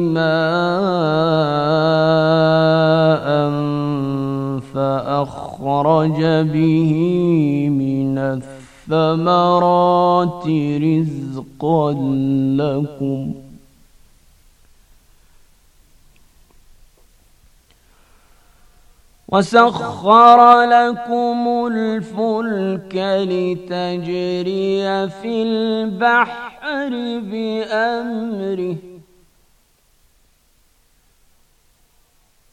ماء فأخرج به من الثمرات رزقا لكم وسخر لكم الفلك لتجري في البحر بأمره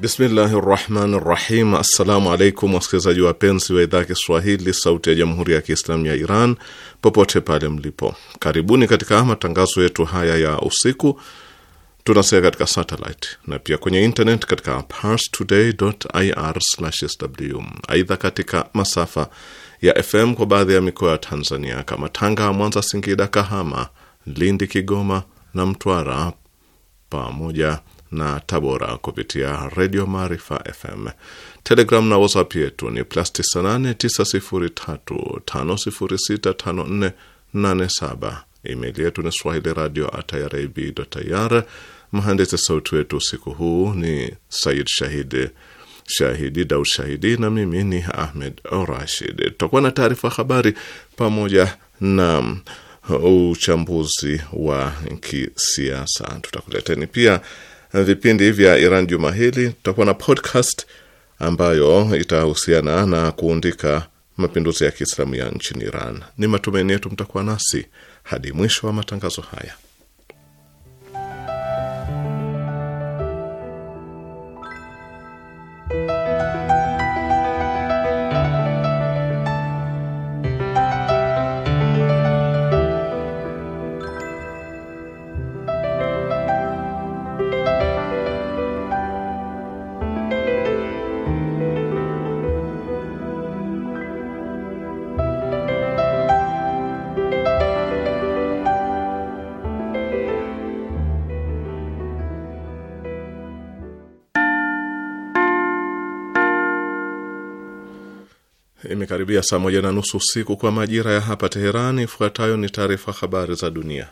Bismillahi rahmani rahim. Assalamu alaikum wasikilizaji wapenzi wa idhaa Kiswahili sauti ya jamhuri ya Kiislamu ya Iran popote pale mlipo, karibuni katika matangazo yetu haya ya usiku. Tunasikia katika satellite na pia kwenye internet katika parstoday.ir/sw. Aidha, katika masafa ya FM kwa baadhi ya mikoa ya Tanzania kama Tanga, Mwanza, Singida, Kahama, Lindi, Kigoma na Mtwara pamoja na Tabora kupitia Redio Maarifa FM. Telegram na WhatsApp yetu ni plus 989035065487. Email yetu ni swahili radio atirib ir. Mhandisi sauti wetu usiku huu ni Said Shahid Shahidi Daud Shahidi, na mimi ni Ahmed Rashid. Tutakuwa na taarifa habari pamoja na uchambuzi wa kisiasa. Tutakuleteni pia vipindi vya Iran juma hili, tutakuwa na podcast ambayo itahusiana na kuundika mapinduzi ya Kiislamu ya nchini Iran. Ni matumaini yetu mtakuwa nasi hadi mwisho wa matangazo haya. Imekaribia saa moja na nusu usiku kwa majira ya hapa Teherani. Ifuatayo ni taarifa habari za dunia.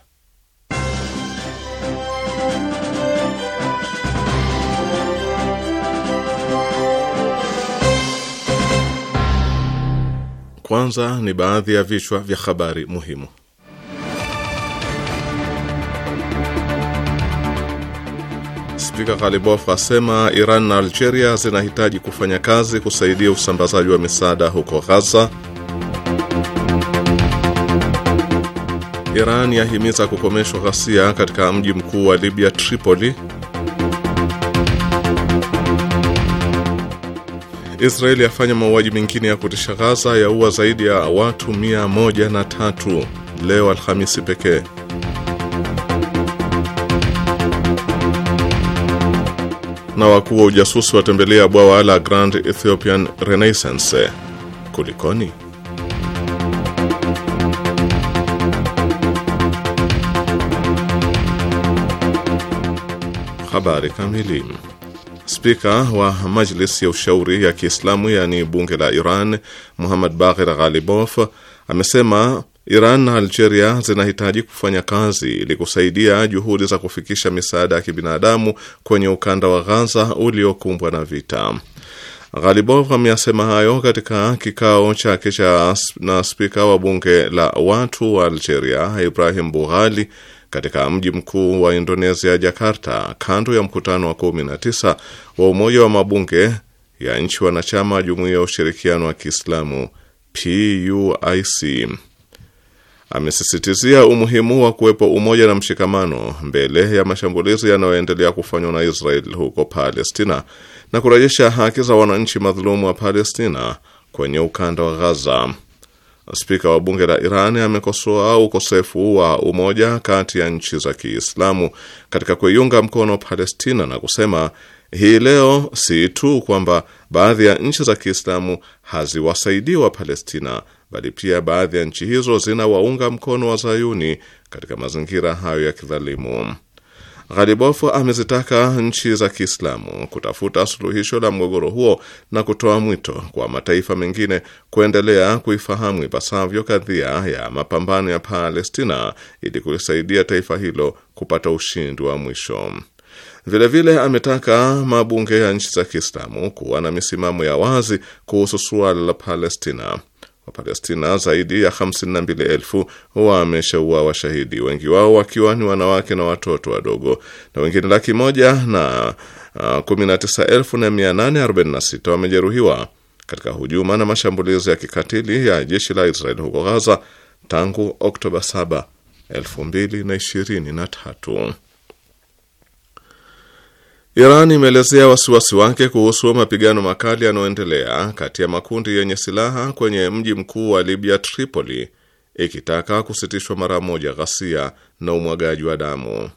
Kwanza ni baadhi ya vichwa vya habari muhimu. Spika ghalibof asema Iran na Algeria zinahitaji kufanya kazi kusaidia usambazaji wa misaada huko Ghaza. Iran yahimiza kukomeshwa ghasia katika mji mkuu wa Libya Tripoli. Israeli yafanya mauaji mengine ya kutisha Ghaza, yaua zaidi ya watu mia moja na tatu leo Alhamisi pekee. na wakuu wa ujasusi watembelea bwawa la Grand Ethiopian Renaissance. Kulikoni? Habari kamili. Spika wa Majlis ya Ushauri ya Kiislamu, yaani bunge la Iran, Muhammad Baghir Ghalibof amesema Iran na Algeria zinahitaji kufanya kazi ili kusaidia juhudi za kufikisha misaada ya kibinadamu kwenye ukanda wa Ghaza uliokumbwa na vita. Ghalibov ameyasema hayo katika kikao chake cha na spika wa bunge la watu wa Algeria Ibrahim Bughali katika mji mkuu wa Indonesia, Jakarta, kando ya mkutano wa 19 wa Umoja wa Mabunge ya nchi wanachama wa Jumuiya ya Ushirikiano wa Kiislamu PUIC amesisitizia umuhimu wa kuwepo umoja na mshikamano mbele ya mashambulizi yanayoendelea kufanywa na Israel huko Palestina na kurejesha haki za wananchi madhulumu wa Palestina kwenye ukanda wa Gaza. Spika wa bunge la Iran amekosoa ukosefu wa umoja kati ya nchi za Kiislamu katika kuiunga mkono Palestina na kusema hii leo si tu kwamba baadhi ya nchi za Kiislamu haziwasaidii wa Palestina bali pia baadhi ya nchi hizo zinawaunga mkono wa zayuni katika mazingira hayo ya kidhalimu. Ghalibof amezitaka nchi za Kiislamu kutafuta suluhisho la mgogoro huo na kutoa mwito kwa mataifa mengine kuendelea kuifahamu ipasavyo kadhia ya mapambano ya Palestina ili kulisaidia taifa hilo kupata ushindi wa mwisho. Vilevile vile ametaka mabunge ya nchi za Kiislamu kuwa na misimamo ya wazi kuhusu suala la Palestina. Wapalestina zaidi ya 52,000 wameshaua washahidi, wengi wao wakiwa ni wanawake na watoto wadogo, na wengine laki moja na 19,846 uh, wamejeruhiwa katika hujuma na mashambulizi ya kikatili ya jeshi la israel huko Gaza tangu Oktoba 7, 2023. Iran imeelezea wasiwasi wake kuhusu mapigano makali yanayoendelea kati ya makundi yenye silaha kwenye mji mkuu wa Libya, Tripoli, ikitaka kusitishwa mara moja ghasia na umwagaji wa damu.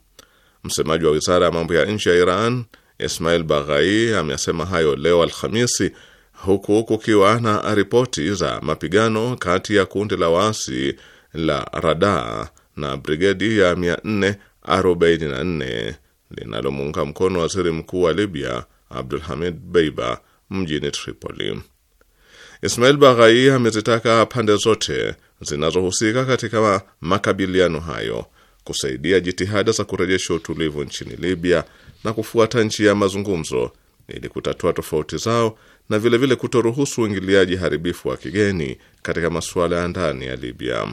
Msemaji wa wizara ya mambo ya nje ya Iran, Ismail Baghai, amesema hayo leo Alhamisi, huku kukiwa na ripoti za mapigano kati ya kundi la waasi la rada na brigedi ya 444 linalomuunga mkono waziri mkuu wa Libya Abdul Hamid Beiba mjini Tripoli. Ismail Baghai amezitaka pande zote zinazohusika katika makabiliano hayo kusaidia jitihada za kurejesha utulivu nchini Libya na kufuata njia ya mazungumzo ili kutatua tofauti zao na vilevile kutoruhusu uingiliaji haribifu wa kigeni katika masuala ya ndani ya Libya.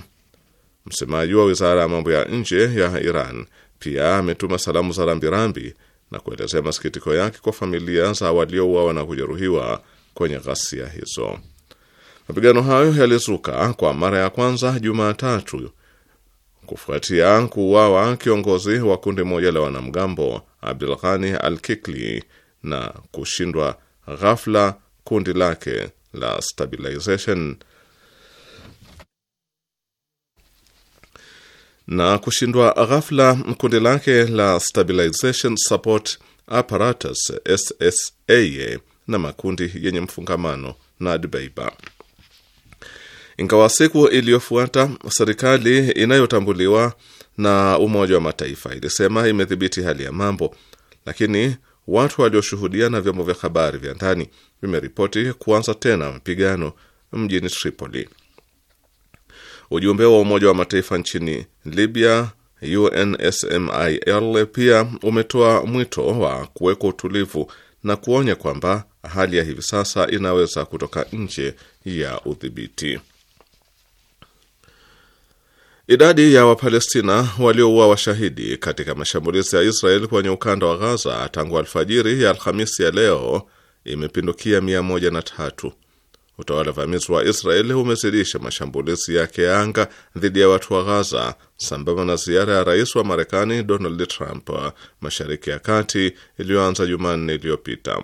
Msemaji wa wizara ya mambo ya nje ya Iran pia ametuma salamu za rambirambi na kuelezea masikitiko yake kwa familia za waliouawa na kujeruhiwa kwenye ghasia hizo. Mapigano hayo yalizuka kwa mara ya kwanza Jumatatu kufuatia kuuawa kiongozi wa kundi moja la wanamgambo Abdul Ghani Al Kikli na kushindwa ghafla kundi lake la Stabilization na kushindwa ghafla kundi lake la Stabilization Support Apparatus SSA na makundi yenye mfungamano na Dbeiba. Ingawa siku iliyofuata serikali inayotambuliwa na Umoja wa Mataifa ilisema imedhibiti hali ya mambo, lakini watu walioshuhudia na vyombo vya habari vya ndani vimeripoti kuanza tena mapigano mjini Tripoli. Ujumbe wa Umoja wa Mataifa nchini Libya, UNSMIL pia umetoa mwito wa kuwekwa utulivu na kuonya kwamba hali ya hivi sasa inaweza kutoka nje ya udhibiti. Idadi ya Wapalestina waliouawa washahidi katika mashambulizi ya Israeli kwenye ukanda wa Gaza tangu alfajiri ya Alhamisi ya leo imepindukia mia moja na tatu Utawala vamizi wa Israeli umezidisha mashambulizi yake ya anga dhidi ya watu wa Ghaza sambamba na ziara ya rais wa Marekani Donald Trump mashariki ya kati iliyoanza Jumanne iliyopita.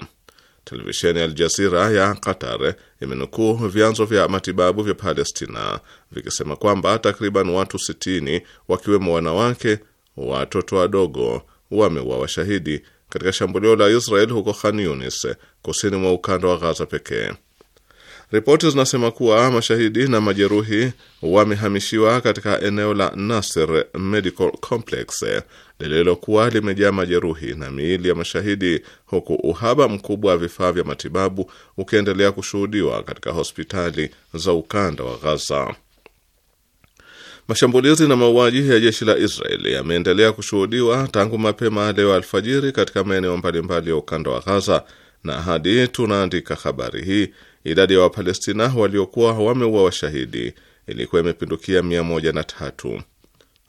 Televisheni ya Aljazira ya Qatar imenukuu vyanzo vya matibabu vya Palestina vikisema kwamba takriban watu 60 wakiwemo wanawake, watoto wadogo wameuawa washahidi katika shambulio la Israel huko Khan Yunis, kusini mwa ukanda wa Ghaza pekee. Ripoti zinasema kuwa mashahidi na majeruhi wamehamishiwa katika eneo la Nasser Medical Complex lililokuwa limejaa majeruhi na miili ya mashahidi, huku uhaba mkubwa wa vifaa vya matibabu ukiendelea kushuhudiwa katika hospitali za ukanda wa Gaza. Mashambulizi na mauaji ya jeshi la Israeli yameendelea kushuhudiwa tangu mapema leo alfajiri katika maeneo mbalimbali ya ukanda wa Gaza, na hadi tunaandika habari hii idadi ya Wapalestina waliokuwa wameua washahidi ilikuwa imepindukia mia moja na tatu.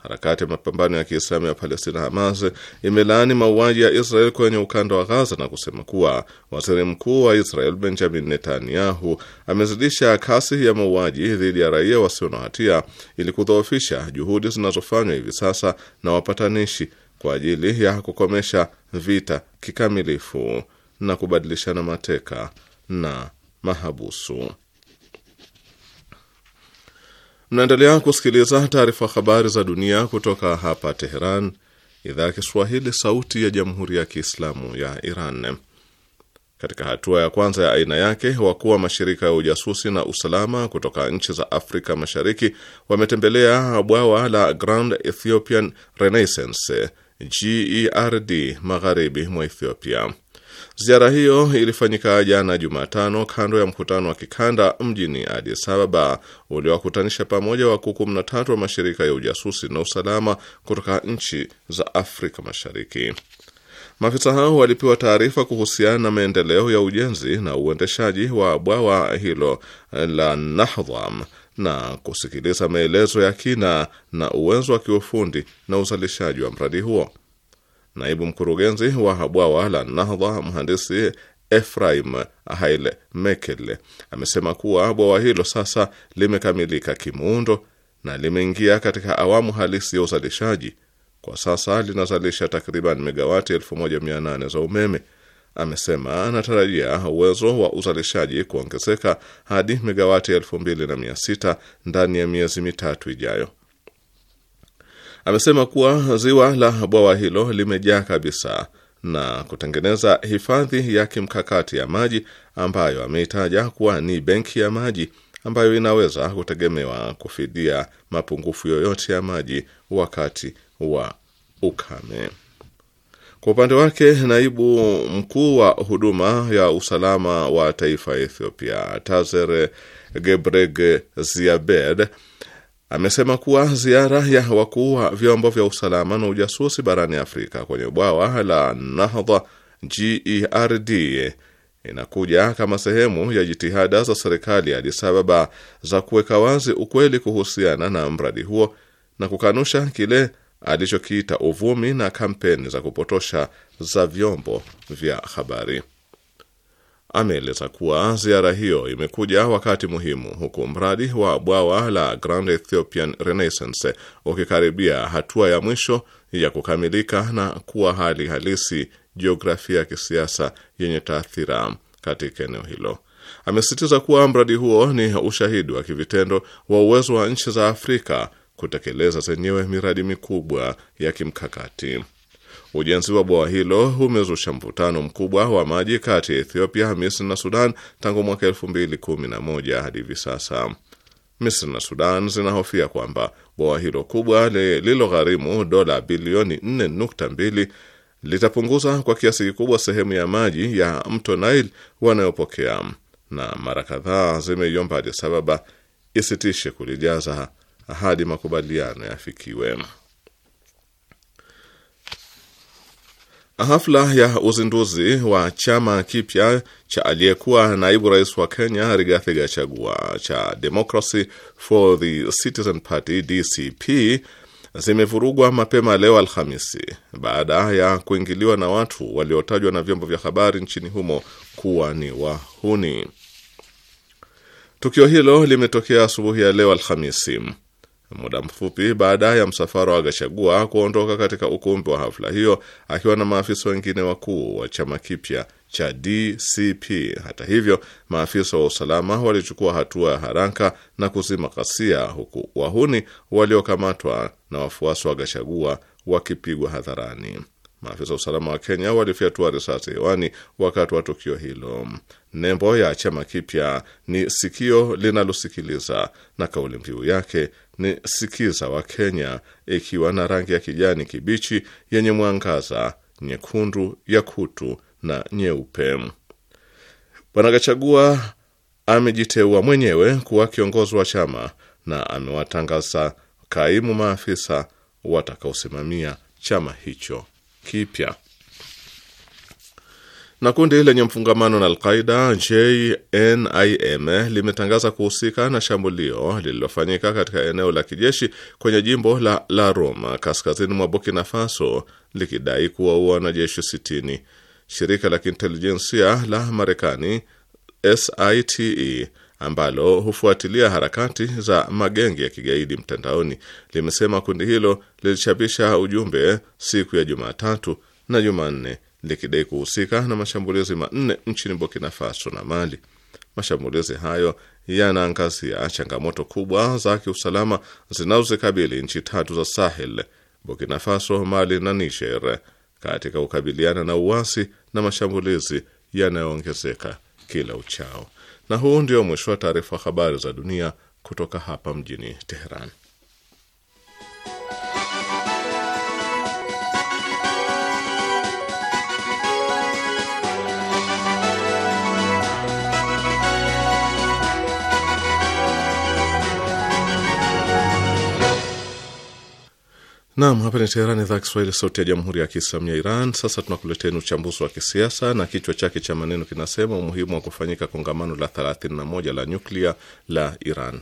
Harakati ya mapambano ya Kiislamu ya Palestina, Hamas, imelaani mauaji ya Israel kwenye ukanda wa Ghaza na kusema kuwa waziri mkuu wa Israel Benjamin Netanyahu amezidisha kasi ya mauaji dhidi ya raia wasio na hatia ili kudhoofisha juhudi zinazofanywa hivi sasa na wapatanishi kwa ajili ya kukomesha vita kikamilifu na kubadilishana mateka na mahabusu. Mnaendelea kusikiliza taarifa habari za dunia kutoka hapa Teheran, idhaa ya Kiswahili, sauti ya jamhuri ya kiislamu ya Iran. Katika hatua ya kwanza ya aina yake, wakuu wa mashirika ya ujasusi na usalama kutoka nchi za Afrika Mashariki wametembelea bwawa la Grand Ethiopian Renaissance GERD magharibi mwa Ethiopia. Ziara hiyo ilifanyika jana Jumatano kando ya mkutano wa kikanda mjini Addis Ababa uliowakutanisha pamoja wakuu kumi tatu wa mashirika ya ujasusi na usalama kutoka nchi za Afrika Mashariki. Maafisa hao walipewa taarifa kuhusiana na maendeleo ya ujenzi na uendeshaji wa bwawa hilo la Nahdham na kusikiliza maelezo ya kina na uwezo wa kiufundi na uzalishaji wa mradi huo. Naibu mkurugenzi wa bwawa la Nahdha, mhandisi Efraim Hail Mekele, amesema kuwa bwawa hilo sasa limekamilika kimuundo na limeingia katika awamu halisi ya uzalishaji. Kwa sasa linazalisha takriban megawati 1800 za umeme. Amesema anatarajia uwezo wa uzalishaji kuongezeka hadi megawati 2600 ndani ya miezi mitatu ijayo. Amesema kuwa ziwa la bwawa hilo limejaa kabisa na kutengeneza hifadhi ya kimkakati ya maji ambayo ameitaja kuwa ni benki ya maji ambayo inaweza kutegemewa kufidia mapungufu yoyote ya maji wakati wa ukame. Kwa upande wake, naibu mkuu wa huduma ya usalama wa taifa Ethiopia Tazer Gebreg Ziabed amesema kuwa ziara ya wakuu wa vyombo vya usalama na ujasusi barani Afrika kwenye bwawa la Nahdha GERD inakuja kama sehemu ya jitihada za serikali ya Addis Ababa za kuweka wazi ukweli kuhusiana na mradi huo na kukanusha kile alichokiita uvumi na kampeni za kupotosha za vyombo vya habari ameeleza kuwa ziara hiyo imekuja wakati muhimu, huku mradi wa bwawa la Grand Ethiopian Renaissance ukikaribia hatua ya mwisho ya kukamilika na kuwa hali halisi jiografia ya kisiasa yenye taathira katika eneo hilo. Amesisitiza kuwa mradi huo ni ushahidi wa kivitendo wa uwezo wa nchi za Afrika kutekeleza zenyewe miradi mikubwa ya kimkakati. Ujenzi wa bwawa hilo umezusha mvutano mkubwa wa maji kati ya Ethiopia, Misri na Sudan tangu mwaka moja hadi hivi sasa. Misri na Sudan zinahofia kwamba bwawa hilo kubwa lililogharimu dola bilioni 4.2 litapunguza kwa kiasi kikubwa sehemu ya maji ya mto Nile wanayopokea, na mara kadhaa zimeiomba Addis Ababa isitishe kulijaza hadi makubaliano yafikiwe. Hafla ya uzinduzi wa chama kipya cha aliyekuwa naibu rais wa Kenya Rigathi Gachagua cha Democracy for the Citizen Party DCP zimevurugwa mapema leo Alhamisi baada ya kuingiliwa na watu waliotajwa na vyombo vya habari nchini humo kuwa ni wahuni. Tukio hilo limetokea asubuhi ya leo Alhamisi. Muda mfupi baada ya msafara wa gashagua kuondoka katika ukumbi wa hafla hiyo akiwa na maafisa wengine wakuu wa chama kipya cha DCP. Hata hivyo, maafisa wa usalama walichukua hatua ya haraka na kuzima ghasia, huku wahuni waliokamatwa na wafuasi wa Gachagua wakipigwa hadharani. Maafisa wa usalama wa Kenya walifyatua risasi hewani wakati wa tukio hilo. Nembo ya chama kipya ni sikio linalosikiliza, na kauli mbiu yake ni sikiza wa Kenya, ikiwa na rangi ya kijani kibichi yenye mwangaza, nyekundu, ya kutu na nyeupe. Bwana Gachagua amejiteua mwenyewe kuwa kiongozi wa chama na amewatangaza kaimu maafisa watakaosimamia chama hicho kipya. Na kundi lenye mfungamano na Alqaida JNIM limetangaza kuhusika na shambulio lililofanyika katika eneo la kijeshi kwenye jimbo la La Roma kaskazini mwa Burkina Faso likidai kuwaua wanajeshi 60. Shirika la kiintelijensia la Marekani SITE ambalo hufuatilia harakati za magenge ya kigaidi mtandaoni limesema kundi hilo lilichapisha ujumbe siku ya Jumatatu na Jumanne likidai kuhusika na mashambulizi manne nchini Burkina Faso na Mali. Mashambulizi hayo yanaangazia changamoto kubwa za kiusalama zinazozikabili nchi tatu za Sahel, Burkina Faso, Mali na Niger, katika kukabiliana na uasi na mashambulizi yanayoongezeka kila uchao. Na huu ndio mwisho wa taarifa habari za dunia kutoka hapa mjini Teheran. Nam, hapa ni Teherani, idhaa Kiswahili, sauti ya jamhuri ya kiislamu ya Iran. Sasa tunakuleteni uchambuzi wa kisiasa na kichwa chake cha maneno kinasema umuhimu wa kufanyika kongamano la 31 la nyuklia la Iran.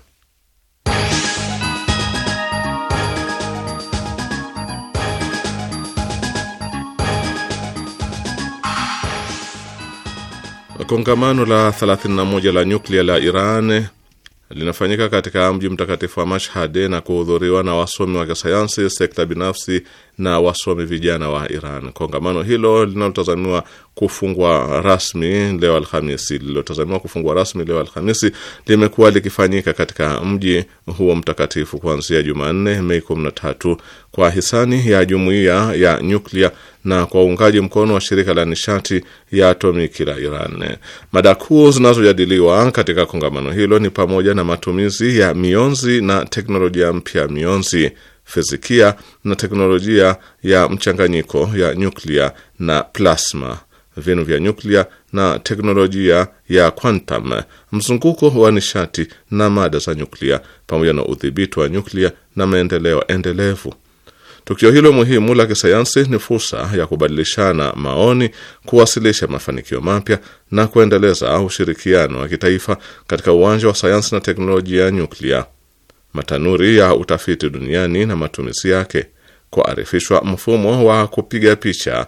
Kongamano la 31 la nyuklia la Iran linafanyika katika mji mtakatifu wa Mashhad na kuhudhuriwa na wasomi wa kisayansi, sekta binafsi na wasomi vijana wa Iran. Kongamano hilo linalotazamiwa kufungwa rasmi leo Alhamisi, lililotazamiwa kufungwa rasmi leo Alhamisi limekuwa likifanyika katika mji huo mtakatifu kuanzia Jumanne Mei 13 kwa hisani ya jumuiya ya nyuklia na kwa uungaji mkono wa shirika la nishati ya atomiki la Iran. Mada kuu zinazojadiliwa katika kongamano hilo ni pamoja na matumizi ya mionzi na teknolojia mpya mionzi, fizikia na teknolojia ya mchanganyiko ya nyuklia na plasma vinu vya nyuklia na teknolojia ya quantum, mzunguko wa nishati na mada za nyuklia, pamoja na udhibiti wa nyuklia na maendeleo endelevu. Tukio hilo muhimu la kisayansi ni fursa ya kubadilishana maoni, kuwasilisha mafanikio mapya na kuendeleza ushirikiano wa kitaifa katika uwanja wa sayansi na teknolojia ya nyuklia, matanuri ya utafiti duniani na matumizi yake, kuarifishwa mfumo wa kupiga picha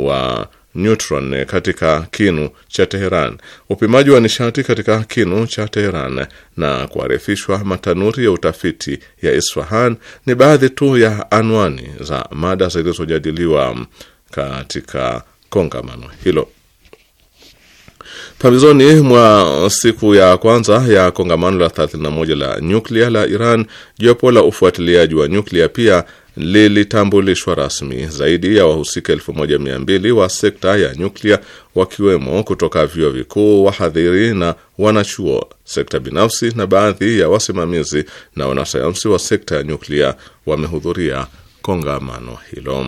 wa neutron katika kinu cha Teheran, upimaji wa nishati katika kinu cha Teheran na kuarifishwa matanuri ya utafiti ya Isfahan ni baadhi tu ya anwani za mada zilizojadiliwa katika kongamano hilo. Pambizoni mwa siku ya kwanza ya kongamano la 31 la nyuklia la Iran, jopo la ufuatiliaji wa nyuklia pia lilitambulishwa rasmi. Zaidi ya wahusika mbili wa sekta ya nyuklia wakiwemo kutoka vyuo vikuu, wahadhiri na wanachuo, sekta binafsi na baadhi ya wasimamizi na wanasayansi wa sekta ya nyuklia wamehudhuria kongamano hilo.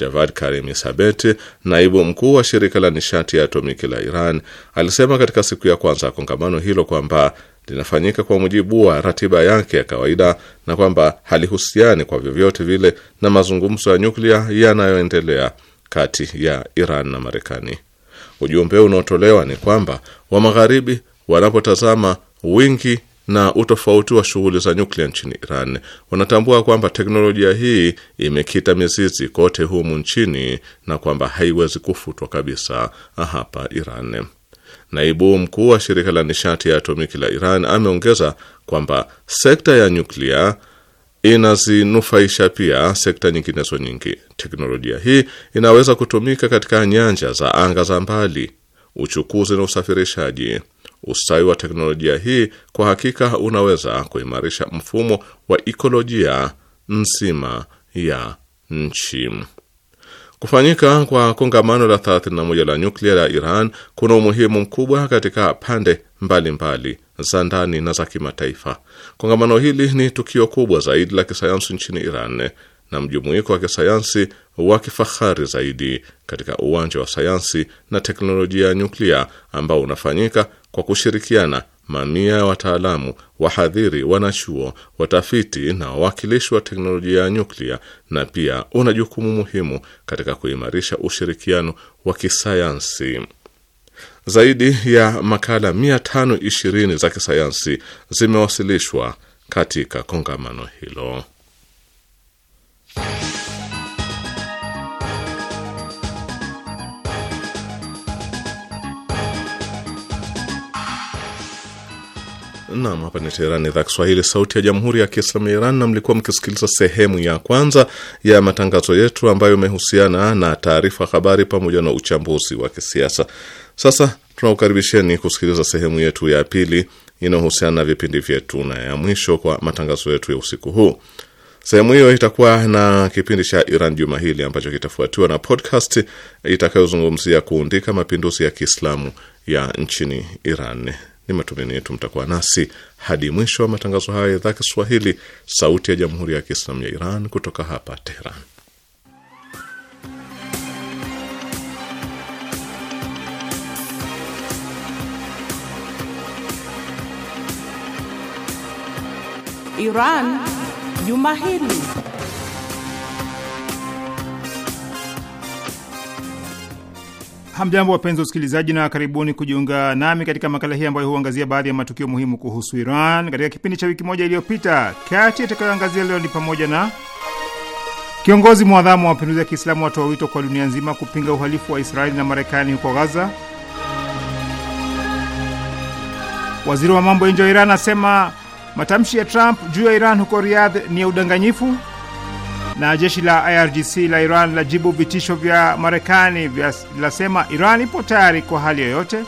Javad Karimi Isabet, naibu mkuu wa shirika la nishati ya atomiki la Iran, alisema katika siku ya kwanza ya kongamano hilo kwamba linafanyika kwa mujibu wa ratiba yake ya kawaida na kwamba halihusiani kwa vyovyote vile na mazungumzo ya nyuklia yanayoendelea kati ya Iran na Marekani. Ujumbe unaotolewa ni kwamba wa Magharibi wanapotazama wingi na utofauti wa shughuli za nyuklia nchini Iran, wanatambua kwamba teknolojia hii imekita mizizi kote humu nchini na kwamba haiwezi kufutwa kabisa hapa Iran naibu mkuu wa shirika la nishati ya atomiki la Iran ameongeza kwamba sekta ya nyuklia inazinufaisha pia sekta nyinginezo nyingi. Teknolojia hii inaweza kutumika katika nyanja za anga za mbali, uchukuzi na usafirishaji. Ustawi wa teknolojia hii kwa hakika unaweza kuimarisha mfumo wa ikolojia nzima ya nchi. Kufanyika kwa kongamano la 31 la nyuklia la Iran kuna umuhimu mkubwa katika pande mbalimbali za ndani na za kimataifa. Kongamano hili ni tukio kubwa zaidi la kisayansi nchini Iran na mjumuiko wa kisayansi wa kifahari zaidi katika uwanja wa sayansi na teknolojia ya nyuklia ambao unafanyika kwa kushirikiana mamia ya wataalamu, wahadhiri, wanachuo, watafiti na wawakilishi wa teknolojia ya nyuklia, na pia una jukumu muhimu katika kuimarisha ushirikiano wa kisayansi. Zaidi ya makala 520 za kisayansi zimewasilishwa katika kongamano hilo. Naam, hapa ni Teherani, idhaa Kiswahili, sauti ya jamhuri ya kiislamu ya Iran, na mlikuwa mkisikiliza sehemu ya kwanza ya matangazo yetu ambayo imehusiana na taarifa habari pamoja na uchambuzi wa kisiasa. Sasa tunaukaribisheni kusikiliza sehemu yetu ya pili inayohusiana na vipindi vyetu na ya mwisho kwa matangazo yetu ya usiku huu. Sehemu hiyo itakuwa na kipindi cha Iran juma hili ambacho kitafuatiwa na podcast itakayozungumzia kuundika mapinduzi ya Kiislamu ya nchini Iran. Ni matumaini yetu mtakuwa nasi hadi mwisho wa matangazo haya ya idhaa Kiswahili, Sauti ya Jamhuri ya Kiislamu ya Iran kutoka hapa Teheran. Iran Juma Hili. Hamjambo, wapenzi wasikilizaji, na karibuni kujiunga nami katika makala hii ambayo huangazia baadhi ya matukio muhimu kuhusu Iran katika kipindi cha wiki moja iliyopita. Kati itakayoangazia leo ni pamoja na kiongozi mwadhamu wa mapinduzi ya Kiislamu watoa wito kwa dunia nzima kupinga uhalifu wa Israeli na Marekani huko Gaza, waziri wa mambo ya nje wa Iran asema matamshi ya Trump juu ya Iran huko Riyadh ni ya udanganyifu na jeshi la IRGC la Iran lajibu vitisho vya Marekani, lasema Iran ipo tayari kwa hali yoyote.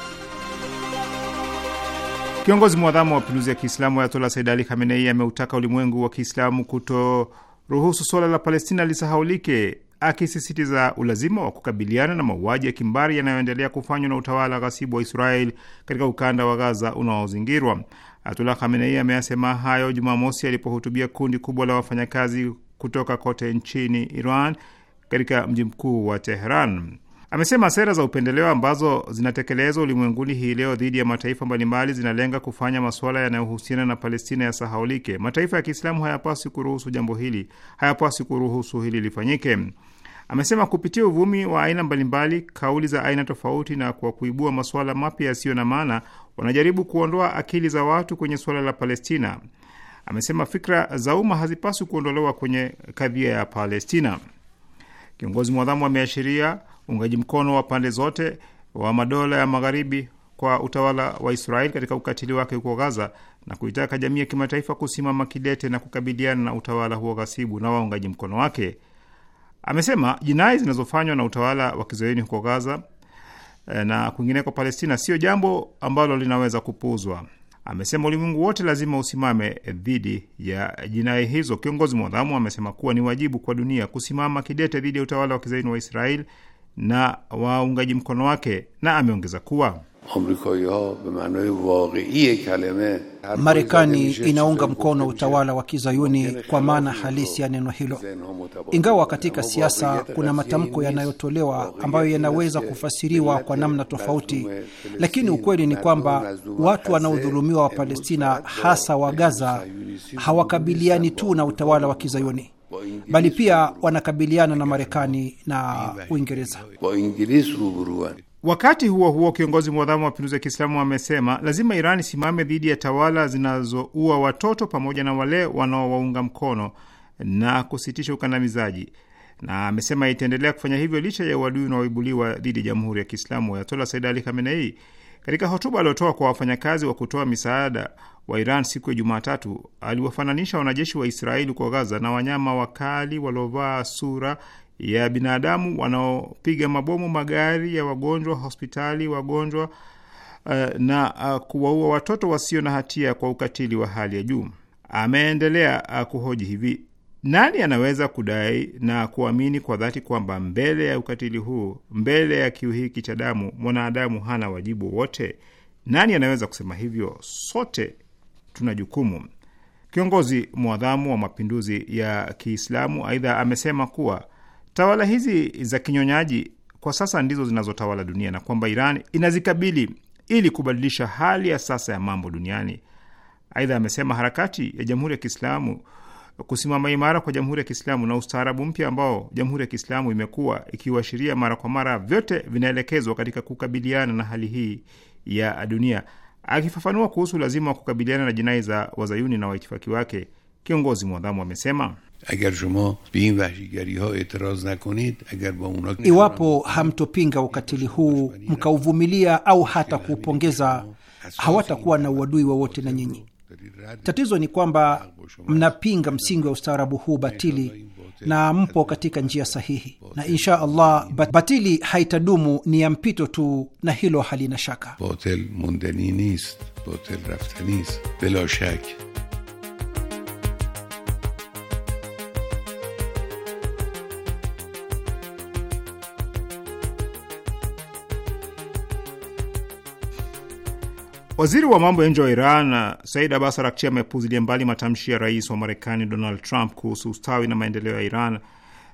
Kiongozi mwadhamu wa mapinduzi ya Kiislamu Ayatola Said Ali Khamenei ameutaka ulimwengu wa Kiislamu kutoruhusu suala la Palestina lisahaulike, akisisitiza ulazima wa kukabiliana na mauaji ya kimbari yanayoendelea kufanywa na utawala ghasibu wa Israel katika ukanda wa Gaza unaozingirwa. Ayatola Khamenei ameyasema hayo Jumamosi alipohutubia kundi kubwa la wafanyakazi kutoka kote nchini Iran katika mji mkuu wa Tehran. Amesema sera za upendeleo ambazo zinatekelezwa ulimwenguni hii leo dhidi ya mataifa mbalimbali zinalenga kufanya masuala yanayohusiana na Palestina yasahaulike. Mataifa ya Kiislamu hayapaswi kuruhusu jambo hili, hayapaswi kuruhusu hili lifanyike. Amesema kupitia uvumi wa aina mbalimbali, kauli za aina tofauti, na kwa kuibua masuala mapya yasiyo na maana, wanajaribu kuondoa akili za watu kwenye suala la Palestina amesema fikra za umma hazipaswi kuondolewa kwenye kadhia ya Palestina. Kiongozi mwadhamu ameashiria uungaji mkono wa pande zote wa madola ya magharibi kwa utawala wa Israeli katika ukatili wake huko Gaza na kuitaka jamii ya kimataifa kusimama kidete na kukabiliana na utawala huo ghasibu na waungaji mkono wake. Amesema jinai zinazofanywa na utawala wa kizoeni huko Gaza eh, na kwingineko Palestina sio jambo ambalo linaweza kupuuzwa amesema ulimwengu wote lazima usimame dhidi ya jinai hizo. Kiongozi mwadhamu amesema kuwa ni wajibu kwa dunia kusimama kidete dhidi ya utawala wa kizaini wa Israel na waungaji mkono wake, na ameongeza kuwa Marekani inaunga mkono utawala wa kizayuni kwa maana halisi ya neno hilo, ingawa katika siasa kuna matamko yanayotolewa ambayo yanaweza kufasiriwa kwa namna tofauti, lakini ukweli ni kwamba watu wanaodhulumiwa wa Palestina, hasa wa Gaza, hawakabiliani tu na utawala wa kizayuni bali pia wanakabiliana na Marekani na Uingereza. Wakati huo huo, kiongozi mwadhamu wa mapinduzi ya Kiislamu amesema lazima Iran isimame dhidi ya tawala zinazoua watoto pamoja na wale wanaowaunga mkono na kusitisha ukandamizaji, na amesema itaendelea kufanya hivyo licha ya uadui unaoibuliwa dhidi ya jamhuri ya Kiislamu. Ayatola Said Ali Khamenei katika hotuba aliotoa kwa wafanyakazi wa kutoa misaada wa Iran siku ya Jumatatu aliwafananisha wanajeshi wa Israeli kwa Gaza na wanyama wakali waliovaa sura ya binadamu wanaopiga mabomu magari ya wagonjwa, hospitali, wagonjwa uh, na uh, kuwaua watoto wasio na hatia kwa ukatili wa hali ya juu. Ameendelea uh, kuhoji hivi, nani anaweza kudai na kuamini kwa dhati kwamba mbele ya ukatili huu, mbele ya kiu hiki cha damu, mwanadamu hana wajibu wote? Nani anaweza kusema hivyo? Sote tuna jukumu. Kiongozi mwadhamu wa mapinduzi ya Kiislamu aidha amesema kuwa Tawala hizi za kinyonyaji kwa sasa ndizo zinazotawala dunia na kwamba Iran inazikabili ili kubadilisha hali ya sasa ya mambo duniani. Aidha, amesema harakati ya Jamhuri ya Kiislamu kusimama imara kwa Jamhuri ya Kiislamu na ustaarabu mpya ambao Jamhuri ya Kiislamu imekuwa ikiuashiria mara kwa mara, vyote vinaelekezwa katika kukabiliana na hali hii ya dunia. Akifafanua kuhusu lazima wa kukabiliana na jinai za wazayuni na waitifaki wake, kiongozi mwadhamu amesema Agar shoma be in wahshigariha etiraz nakonid agar ba unha, iwapo hamtopinga ukatili huu mkauvumilia au hata kuupongeza, hawatakuwa na uadui wowote na nyinyi. Tatizo ni kwamba mnapinga msingi wa ustaarabu huu batili na mpo katika njia sahihi, na insha Allah batili haitadumu, ni ya mpito tu, na hilo halina shaka. Waziri wa mambo ya nje wa Iran Said Abbas Arakchi amepuzilia mbali matamshi ya rais wa Marekani Donald Trump kuhusu ustawi na maendeleo ya Iran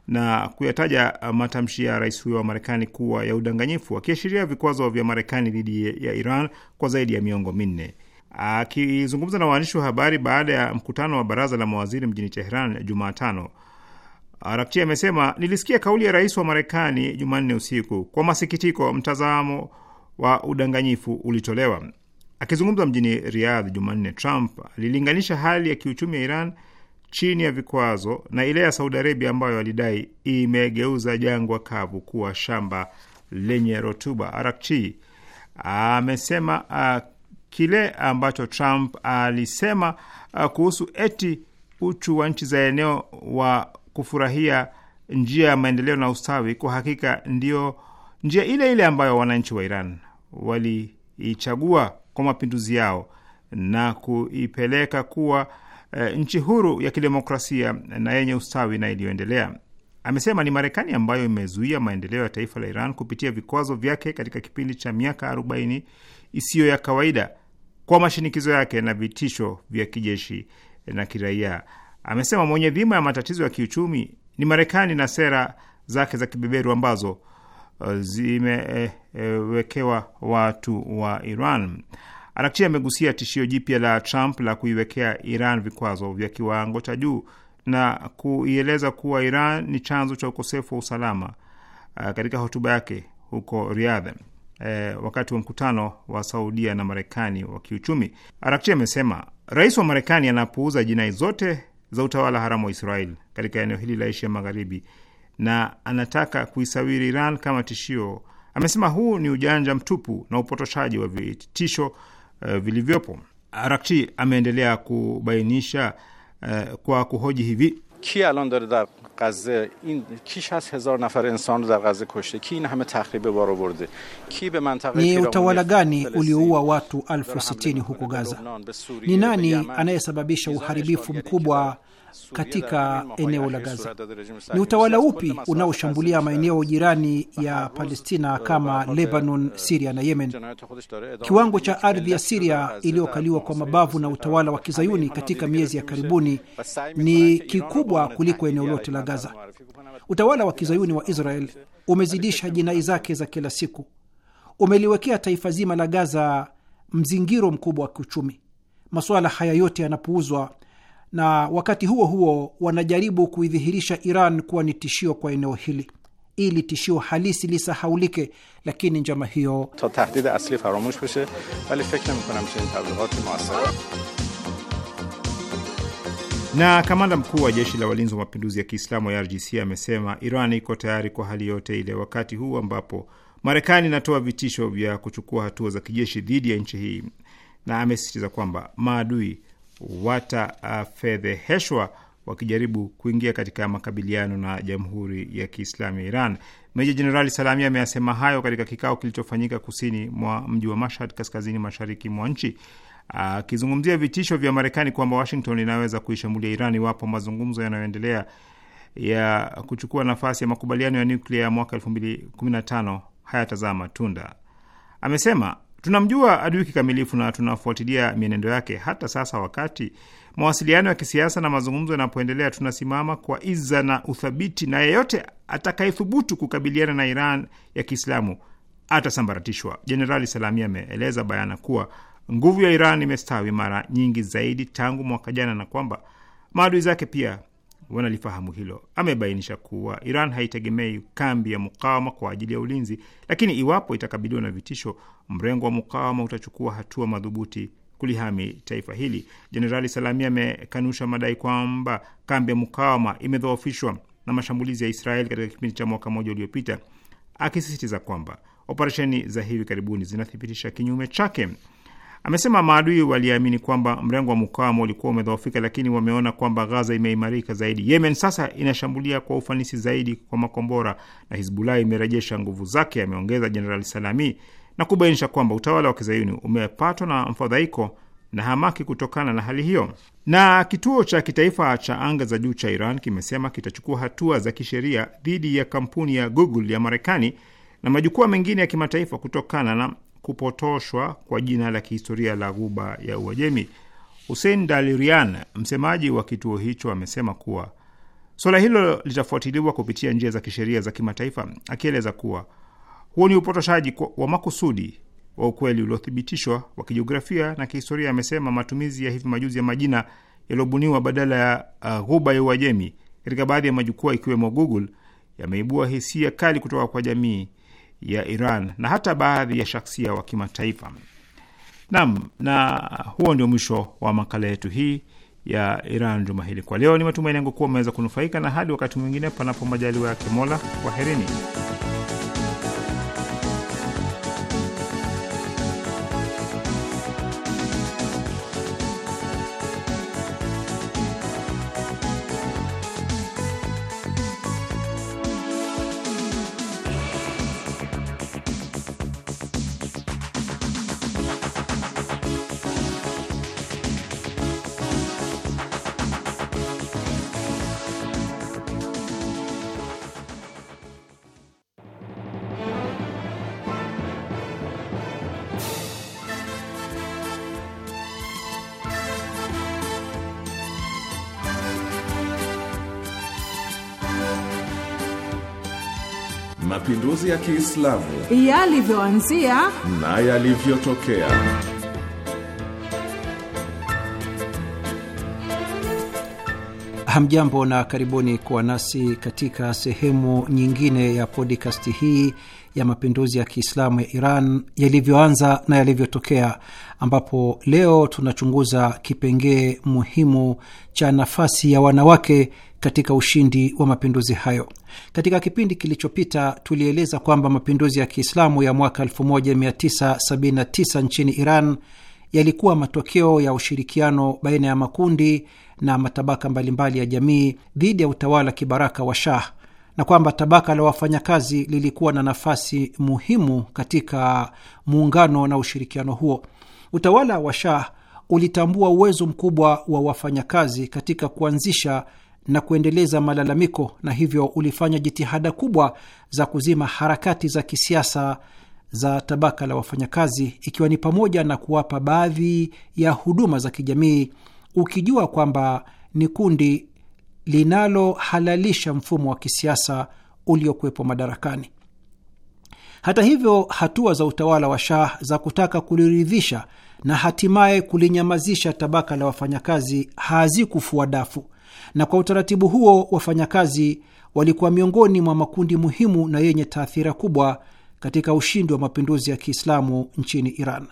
na kuyataja matamshi ya rais huyo wa Marekani kuwa ya udanganyifu, akiashiria vikwazo vya Marekani dhidi ya Iran kwa zaidi ya miongo minne. Akizungumza na waandishi wa habari baada ya mkutano wa baraza la mawaziri mjini Teheran Jumatano, Arakchi amesema, nilisikia kauli ya rais wa Marekani Jumanne usiku. Kwa masikitiko, mtazamo wa udanganyifu ulitolewa. Akizungumza mjini Riyadh Jumanne, Trump alilinganisha hali ya kiuchumi ya Iran chini ya vikwazo na ile ya Saudi Arabia ambayo alidai imegeuza jangwa kavu kuwa shamba lenye rutuba. Arakchi amesema uh, kile ambacho Trump alisema uh, kuhusu eti uchu wa nchi za eneo wa kufurahia njia ya maendeleo na ustawi, kwa hakika ndio njia ile ile ambayo wananchi wa Iran waliichagua kwa mapinduzi yao na kuipeleka kuwa e, nchi huru ya kidemokrasia na yenye ustawi na iliyoendelea. Amesema ni Marekani ambayo imezuia maendeleo ya taifa la Iran kupitia vikwazo vyake katika kipindi cha miaka 40 isiyo ya kawaida kwa mashinikizo yake na vitisho vya kijeshi na kiraia. Amesema mwenye dhima ya matatizo ya kiuchumi ni Marekani na sera zake za kibeberu ambazo zimewekewa watu wa Iran. Arakchi amegusia tishio jipya la Trump la kuiwekea Iran vikwazo vya kiwango cha juu na kuieleza kuwa Iran ni chanzo cha ukosefu wa usalama uh, katika hotuba yake huko Riyadh e, wakati wa mkutano wa Saudia na Marekani wa kiuchumi. Arakchi amesema rais wa Marekani anapuuza jinai zote za utawala haramu wa Israeli katika eneo hili la Asia Magharibi na anataka kuisawiri Iran kama tishio. Amesema huu ni ujanja mtupu na upotoshaji wa vitisho uh, vilivyopo. Arakchi ameendelea kubainisha uh, kwa kuhoji hivi ki dare dar gaze in ki nafar insan dar gaze koshte ki in hame baro ki be mantaqe ni utawala gani ulioua watu elfu huko Gaza? Ni nani anayesababisha uharibifu mkubwa katika eneo la Gaza. Ni utawala upi unaoshambulia maeneo jirani ya Palestina eh, kama Lebanon, eh, Siria na Yemen? Eh, Kiwango cha ardhi ya Siria iliyokaliwa kwa mabavu na utawala wa kizayuni katika miezi ya karibuni ni kikubwa kuliko eneo lote la Gaza. Utawala wa kizayuni wa Israel umezidisha jinai zake za kila siku. Umeliwekea taifa zima la Gaza mzingiro mkubwa wa kiuchumi. Masuala haya yote yanapuuzwa na wakati huo huo wanajaribu kuidhihirisha Iran kuwa ni tishio kwa eneo hili ili tishio halisi lisahaulike, lakini njama hiyo na kamanda mkuu wa jeshi la walinzi wa mapinduzi ya Kiislamu ya IRGC amesema Iran iko tayari kwa hali yote ile, wakati huu ambapo Marekani inatoa vitisho vya kuchukua hatua za kijeshi dhidi ya nchi hii, na amesisitiza kwamba maadui watafedheheshwa wakijaribu kuingia katika makabiliano na Jamhuri ya Kiislamu ya Iran. Meja Jenerali Salami ameyasema hayo katika kikao kilichofanyika kusini mwa mji wa Mashhad, kaskazini mashariki mwa nchi, akizungumzia vitisho vya Marekani kwamba Washington inaweza kuishambulia Iran iwapo mazungumzo yanayoendelea ya kuchukua nafasi ya makubaliano ya nuklia ya mwaka 2015 hayatazaa matunda. Amesema Tunamjua adui kikamilifu na tunafuatilia mienendo yake. Hata sasa, wakati mawasiliano ya kisiasa na mazungumzo yanapoendelea, tunasimama kwa iza na uthabiti, na yeyote atakayethubutu kukabiliana na Iran ya Kiislamu atasambaratishwa. Jenerali Salami ameeleza bayana kuwa nguvu ya Iran imestawi mara nyingi zaidi tangu mwaka jana na kwamba maadui zake pia wanalifahamu hilo. Amebainisha kuwa Iran haitegemei kambi ya mukawama kwa ajili ya ulinzi, lakini iwapo itakabiliwa na vitisho, mrengo wa mukawama utachukua hatua madhubuti kulihami taifa hili. Jenerali Salami amekanusha madai kwamba kambi ya mukawama imedhoofishwa na mashambulizi ya Israeli katika kipindi cha mwaka mmoja uliopita, akisisitiza kwamba operesheni za hivi karibuni zinathibitisha kinyume chake. Amesema maadui waliamini kwamba mrengo wa mukawama ulikuwa umedhoofika, lakini wameona kwamba Ghaza imeimarika zaidi. Yemen sasa inashambulia kwa ufanisi zaidi kwa makombora na Hizbullah imerejesha nguvu zake, ameongeza Jenerali Salami na kubainisha kwamba utawala wa kizayuni umepatwa na mfadhaiko na hamaki kutokana na hali hiyo. Na kituo cha kitaifa cha anga za juu cha Iran kimesema kitachukua hatua za kisheria dhidi ya kampuni ya Google ya Marekani na majukwaa mengine ya kimataifa kutokana na kupotoshwa kwa jina la kihistoria la Ghuba ya Uajemi. Hussein Dalirian, msemaji wa kituo hicho, amesema kuwa suala hilo litafuatiliwa kupitia njia za kisheria za kimataifa, akieleza kuwa huo ni upotoshaji wa makusudi wa ukweli uliothibitishwa wa kijiografia na kihistoria. Amesema matumizi ya hivi majuzi ya majina yaliyobuniwa badala ya uh, Ghuba ya Uajemi katika baadhi ya majukwaa ikiwemo Google yameibua hisia kali kutoka kwa jamii ya Iran na hata baadhi ya shaksia wa kimataifa. Naam, na huo ndio mwisho wa makala yetu hii ya Iran juma hili. Kwa leo, ni matumaini yangu kuwa umeweza kunufaika, na hadi wakati mwingine, panapo majaliwa yake Mola, kwaherini. mapinduzi ya Kiislamu yalivyoanzia na yalivyotokea. Hamjambo na karibuni kuwa nasi katika sehemu nyingine ya podcast hii ya mapinduzi ya Kiislamu ya Iran yalivyoanza na yalivyotokea, ambapo leo tunachunguza kipengee muhimu cha nafasi ya wanawake katika ushindi wa mapinduzi hayo. Katika kipindi kilichopita, tulieleza kwamba mapinduzi ya Kiislamu ya mwaka 1979 nchini Iran yalikuwa matokeo ya ushirikiano baina ya makundi na matabaka mbalimbali ya jamii dhidi ya utawala kibaraka wa Shah na kwamba tabaka la wafanyakazi lilikuwa na nafasi muhimu katika muungano na ushirikiano huo. Utawala wa Shah ulitambua uwezo mkubwa wa wafanyakazi katika kuanzisha na kuendeleza malalamiko na hivyo ulifanya jitihada kubwa za kuzima harakati za kisiasa za tabaka la wafanyakazi, ikiwa ni pamoja na kuwapa baadhi ya huduma za kijamii ukijua kwamba ni kundi linalohalalisha mfumo wa kisiasa uliokuwepo madarakani. Hata hivyo, hatua za utawala wa Shah za kutaka kuliridhisha na hatimaye kulinyamazisha tabaka la wafanyakazi hazikufua dafu, na kwa utaratibu huo wafanyakazi walikuwa miongoni mwa makundi muhimu na yenye taathira kubwa katika ushindi wa mapinduzi ya Kiislamu nchini Iran.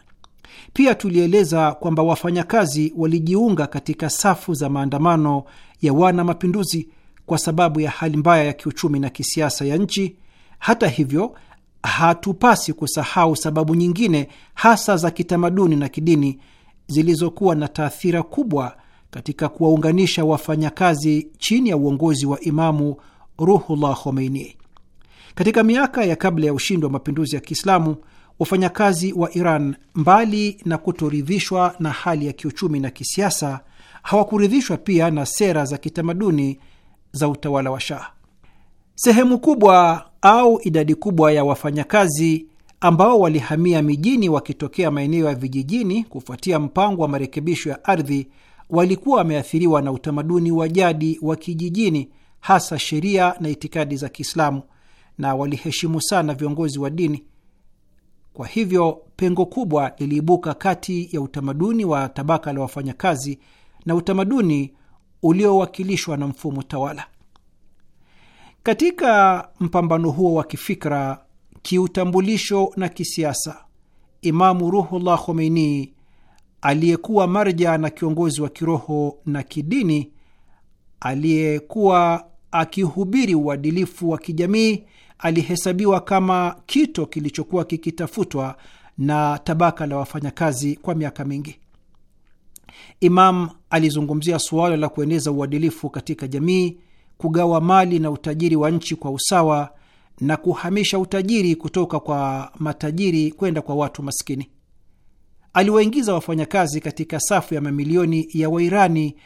Pia tulieleza kwamba wafanyakazi walijiunga katika safu za maandamano ya wana mapinduzi kwa sababu ya hali mbaya ya kiuchumi na kisiasa ya nchi. Hata hivyo, hatupasi kusahau sababu nyingine, hasa za kitamaduni na kidini, zilizokuwa na taathira kubwa katika kuwaunganisha wafanyakazi chini ya uongozi wa Imamu Ruhullah Khomeini. Katika miaka ya kabla ya ushindi wa mapinduzi ya Kiislamu, wafanyakazi wa Iran, mbali na kutoridhishwa na hali ya kiuchumi na kisiasa, hawakuridhishwa pia na sera za kitamaduni za utawala wa Shah. Sehemu kubwa au idadi kubwa ya wafanyakazi ambao walihamia mijini wakitokea maeneo ya vijijini kufuatia mpango wa marekebisho ya ardhi walikuwa wameathiriwa na utamaduni wa jadi wa kijijini, hasa sheria na itikadi za Kiislamu, na waliheshimu sana viongozi wa dini. Kwa hivyo pengo kubwa liliibuka kati ya utamaduni wa tabaka la wafanyakazi na utamaduni uliowakilishwa na mfumo tawala. Katika mpambano huo wa kifikra, kiutambulisho na kisiasa, Imamu Ruhullah Khomeini aliyekuwa marja na kiongozi wa kiroho na kidini, aliyekuwa akihubiri uadilifu wa kijamii alihesabiwa kama kito kilichokuwa kikitafutwa na tabaka la wafanyakazi kwa miaka mingi. Imam alizungumzia suala la kueneza uadilifu katika jamii, kugawa mali na utajiri wa nchi kwa usawa na kuhamisha utajiri kutoka kwa matajiri kwenda kwa watu maskini. Aliwaingiza wafanyakazi katika safu ya mamilioni ya Wairani,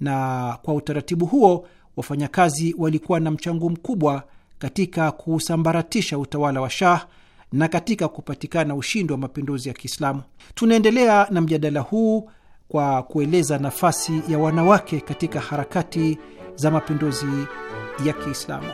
na kwa utaratibu huo wafanyakazi walikuwa na mchango mkubwa katika kusambaratisha utawala wa Shah na katika kupatikana ushindi wa mapinduzi ya Kiislamu. Tunaendelea na mjadala huu kwa kueleza nafasi ya wanawake katika harakati za mapinduzi ya Kiislamu.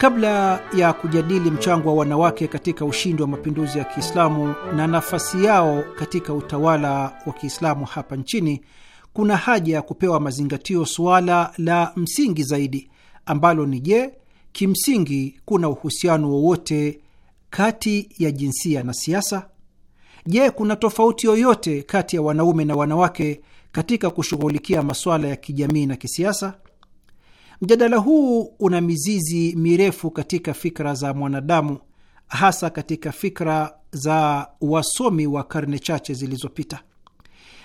Kabla ya kujadili mchango wa wanawake katika ushindi wa mapinduzi ya Kiislamu na nafasi yao katika utawala wa Kiislamu hapa nchini, kuna haja ya kupewa mazingatio suala la msingi zaidi ambalo ni je, kimsingi kuna uhusiano wowote kati ya jinsia na siasa? Je, kuna tofauti yoyote kati ya wanaume na wanawake katika kushughulikia masuala ya kijamii na kisiasa? Mjadala huu una mizizi mirefu katika fikra za mwanadamu, hasa katika fikra za wasomi wa karne chache zilizopita.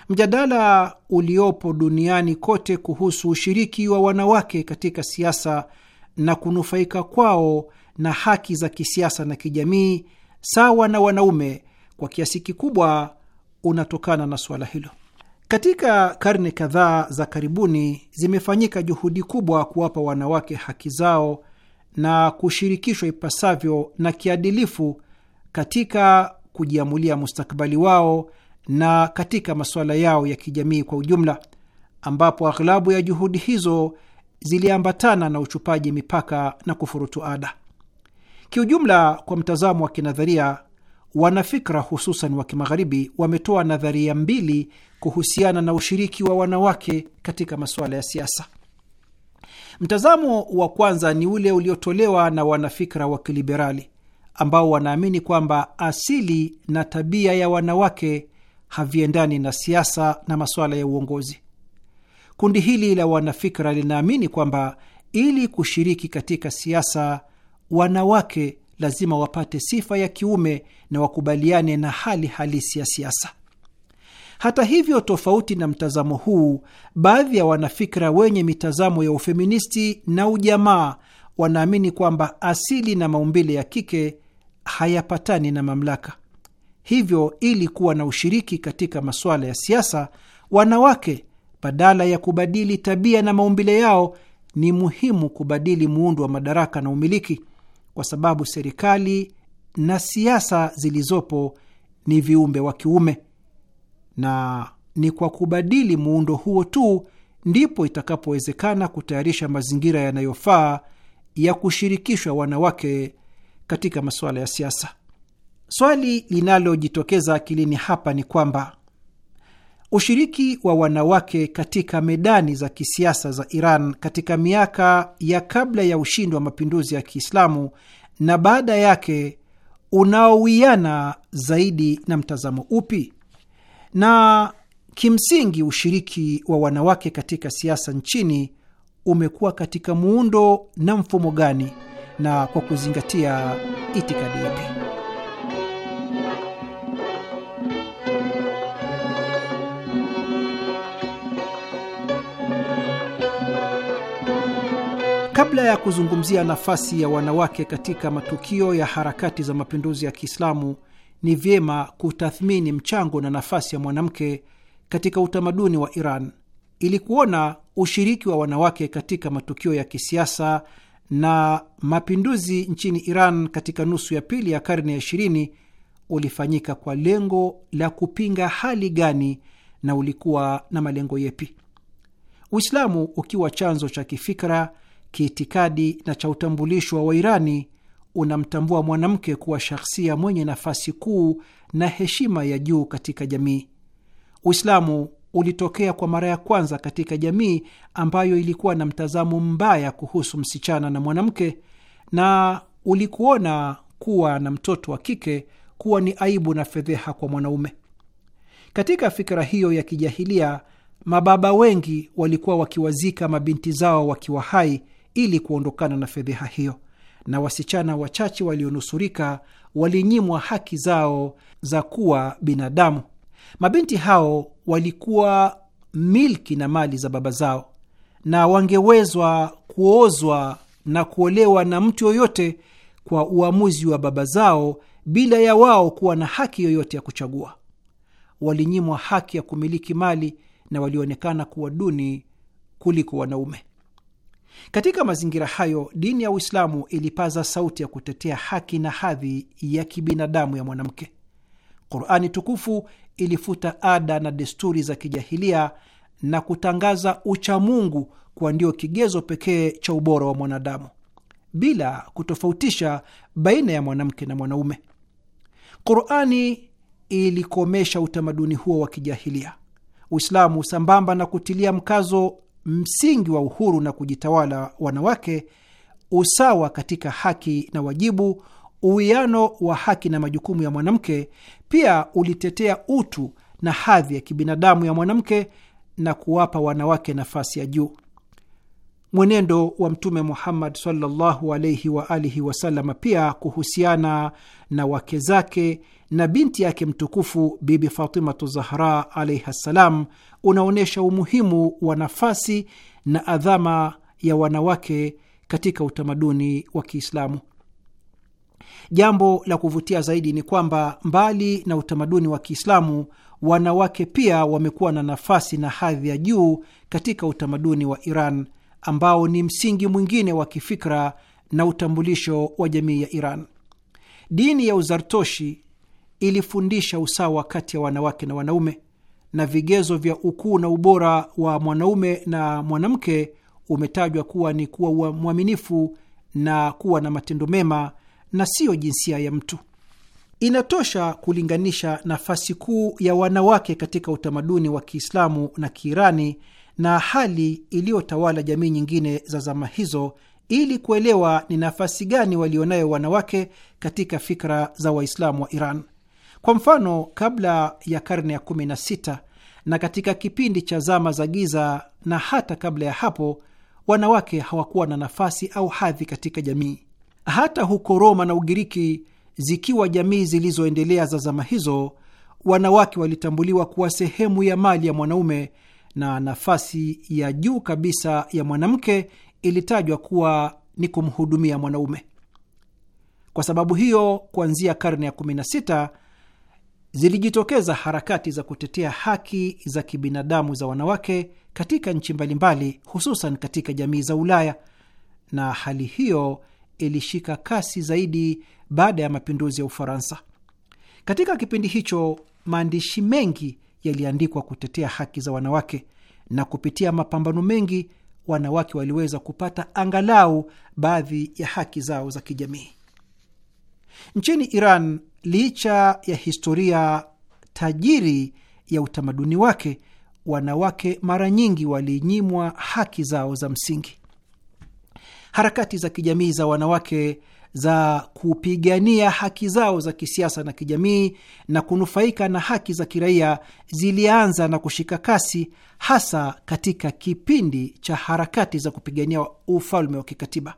Mjadala uliopo duniani kote kuhusu ushiriki wa wanawake katika siasa na kunufaika kwao na haki za kisiasa na kijamii sawa na wanaume, kwa kiasi kikubwa unatokana na suala hilo. Katika karne kadhaa za karibuni zimefanyika juhudi kubwa kuwapa wanawake haki zao na kushirikishwa ipasavyo na kiadilifu katika kujiamulia mustakabali wao na katika masuala yao ya kijamii kwa ujumla, ambapo aghlabu ya juhudi hizo ziliambatana na uchupaji mipaka na kufurutu ada. Kiujumla, kwa mtazamo wa kinadharia, Wanafikra hususan wa kimagharibi wametoa nadharia mbili kuhusiana na ushiriki wa wanawake katika masuala ya siasa. Mtazamo wa kwanza ni ule uliotolewa na wanafikra wa kiliberali ambao wanaamini kwamba asili na tabia ya wanawake haviendani na siasa na masuala ya uongozi. Kundi hili la wanafikra linaamini kwamba ili kushiriki katika siasa, wanawake lazima wapate sifa ya kiume na wakubaliane na hali halisi ya siasa. Hata hivyo, tofauti na mtazamo huu, baadhi ya wanafikra wenye mitazamo ya ufeministi na ujamaa wanaamini kwamba asili na maumbile ya kike hayapatani na mamlaka. Hivyo, ili kuwa na ushiriki katika masuala ya siasa, wanawake badala ya kubadili tabia na maumbile yao, ni muhimu kubadili muundo wa madaraka na umiliki kwa sababu serikali na siasa zilizopo ni viumbe wa kiume, na ni kwa kubadili muundo huo tu ndipo itakapowezekana kutayarisha mazingira yanayofaa ya kushirikishwa wanawake katika masuala ya siasa. Swali linalojitokeza akilini hapa ni kwamba Ushiriki wa wanawake katika medani za kisiasa za Iran katika miaka ya kabla ya ushindi wa mapinduzi ya Kiislamu na baada yake unaowiana zaidi na mtazamo upi? Na kimsingi ushiriki wa wanawake katika siasa nchini umekuwa katika muundo na mfumo gani na kwa kuzingatia itikadi ipi? Kabla ya kuzungumzia nafasi ya wanawake katika matukio ya harakati za mapinduzi ya Kiislamu, ni vyema kutathmini mchango na nafasi ya mwanamke katika utamaduni wa Iran ili kuona ushiriki wa wanawake katika matukio ya kisiasa na mapinduzi nchini Iran katika nusu ya pili ya karne ya ishirini ulifanyika kwa lengo la kupinga hali gani na ulikuwa na malengo yepi. Uislamu ukiwa chanzo cha kifikra kiitikadi na cha utambulisho wa Wairani unamtambua mwanamke kuwa shahsia mwenye nafasi kuu na heshima ya juu katika jamii. Uislamu ulitokea kwa mara ya kwanza katika jamii ambayo ilikuwa na mtazamo mbaya kuhusu msichana na mwanamke, na ulikuona kuwa na mtoto wa kike kuwa ni aibu na fedheha kwa mwanaume. Katika fikra hiyo ya kijahilia, mababa wengi walikuwa wakiwazika mabinti zao wakiwa hai ili kuondokana na fedheha hiyo, na wasichana wachache walionusurika walinyimwa haki zao za kuwa binadamu. Mabinti hao walikuwa milki na mali za baba zao, na wangewezwa kuozwa na kuolewa na mtu yoyote kwa uamuzi wa baba zao bila ya wao kuwa na haki yoyote ya kuchagua. Walinyimwa haki ya kumiliki mali na walionekana kuwa duni kuliko wanaume. Katika mazingira hayo, dini ya Uislamu ilipaza sauti ya kutetea haki na hadhi ya kibinadamu ya mwanamke. Qurani tukufu ilifuta ada na desturi za kijahilia na kutangaza uchamungu kuwa ndio kigezo pekee cha ubora wa mwanadamu bila kutofautisha baina ya mwanamke na mwanaume. Qurani ilikomesha utamaduni huo wa kijahilia. Uislamu, sambamba na kutilia mkazo msingi wa uhuru na kujitawala wanawake, usawa katika haki na wajibu, uwiano wa haki na majukumu ya mwanamke. Pia ulitetea utu na hadhi ya kibinadamu ya mwanamke na kuwapa wanawake nafasi ya juu mwenendo wa Mtume Muhammad sallallahu alaihi wa alihi wasallam pia kuhusiana na wake zake na binti yake mtukufu Bibi Fatimatu Zahra alaihi ssalam unaonyesha umuhimu wa nafasi na adhama ya wanawake katika utamaduni wa Kiislamu. Jambo la kuvutia zaidi ni kwamba mbali na utamaduni wa Kiislamu, wanawake pia wamekuwa na nafasi na hadhi ya juu katika utamaduni wa Iran ambao ni msingi mwingine wa kifikra na utambulisho wa jamii ya Iran. Dini ya Uzartoshi ilifundisha usawa kati ya wanawake na wanaume, na vigezo vya ukuu na ubora wa mwanaume na mwanamke umetajwa kuwa ni kuwa mwaminifu na kuwa na matendo mema na siyo jinsia ya mtu. Inatosha kulinganisha nafasi kuu ya wanawake katika utamaduni wa Kiislamu na Kiirani na hali iliyotawala jamii nyingine za zama hizo ili kuelewa ni nafasi gani walionayo wanawake katika fikra za Waislamu wa Iran. Kwa mfano, kabla ya karne ya 16 na katika kipindi cha zama za giza na hata kabla ya hapo, wanawake hawakuwa na nafasi au hadhi katika jamii. Hata huko Roma na Ugiriki, zikiwa jamii zilizoendelea za zama hizo, wanawake walitambuliwa kuwa sehemu ya mali ya mwanaume na nafasi ya juu kabisa ya mwanamke ilitajwa kuwa ni kumhudumia mwanaume. Kwa sababu hiyo, kuanzia karne ya 16 zilijitokeza harakati za kutetea haki za kibinadamu za wanawake katika nchi mbalimbali, hususan katika jamii za Ulaya, na hali hiyo ilishika kasi zaidi baada ya mapinduzi ya Ufaransa. Katika kipindi hicho, maandishi mengi yaliandikwa kutetea haki za wanawake, na kupitia mapambano mengi wanawake waliweza kupata angalau baadhi ya haki zao za kijamii. Nchini Iran, licha ya historia tajiri ya utamaduni wake, wanawake mara nyingi walinyimwa haki zao za msingi. Harakati za kijamii za wanawake za kupigania haki zao za kisiasa na kijamii na kunufaika na haki za kiraia zilianza na kushika kasi, hasa katika kipindi cha harakati za kupigania ufalme wa kikatiba.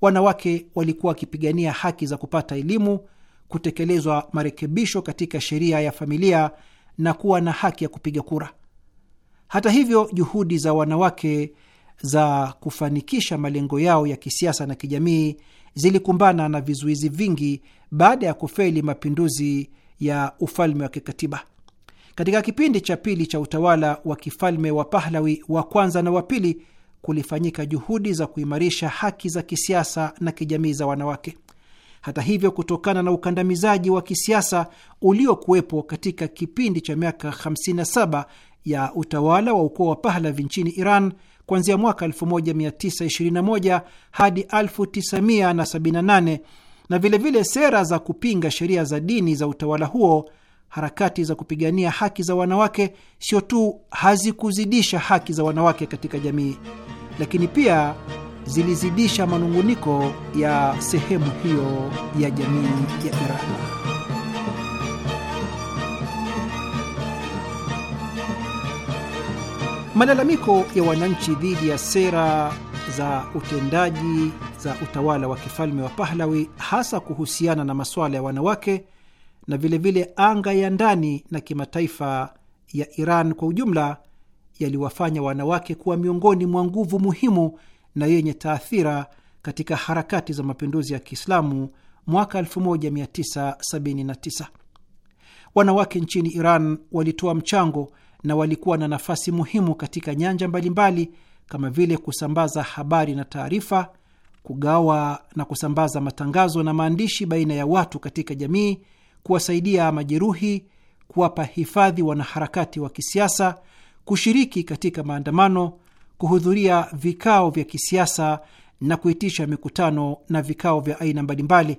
Wanawake walikuwa wakipigania haki za kupata elimu, kutekelezwa marekebisho katika sheria ya familia na kuwa na haki ya kupiga kura. Hata hivyo, juhudi za wanawake za kufanikisha malengo yao ya kisiasa na kijamii zilikumbana na vizuizi vingi baada ya kufeli mapinduzi ya ufalme wa kikatiba. Katika kipindi cha pili cha utawala wa kifalme wa Pahlawi wa kwanza na wa pili, kulifanyika juhudi za kuimarisha haki za kisiasa na kijamii za wanawake. Hata hivyo, kutokana na ukandamizaji wa kisiasa uliokuwepo katika kipindi cha miaka 57 ya utawala wa ukoo wa Pahlavi nchini Iran, kuanzia mwaka 1921 hadi 1978 na vilevile vile sera za kupinga sheria za dini za utawala huo. Harakati za kupigania haki za wanawake sio tu hazikuzidisha haki za wanawake katika jamii, lakini pia zilizidisha manunguniko ya sehemu hiyo ya jamii ya Iraq. Malalamiko ya wananchi dhidi ya sera za utendaji za utawala wa kifalme wa Pahlawi, hasa kuhusiana na masuala ya wanawake na vilevile vile anga ya ndani na kimataifa ya Iran kwa ujumla, yaliwafanya wanawake kuwa miongoni mwa nguvu muhimu na yenye taathira katika harakati za mapinduzi ya Kiislamu mwaka 1979. Wanawake nchini Iran walitoa mchango na walikuwa na nafasi muhimu katika nyanja mbalimbali kama vile kusambaza habari na taarifa, kugawa na kusambaza matangazo na maandishi baina ya watu katika jamii, kuwasaidia majeruhi, kuwapa hifadhi wanaharakati wa kisiasa, kushiriki katika maandamano, kuhudhuria vikao vya kisiasa na kuitisha mikutano na vikao vya aina mbalimbali.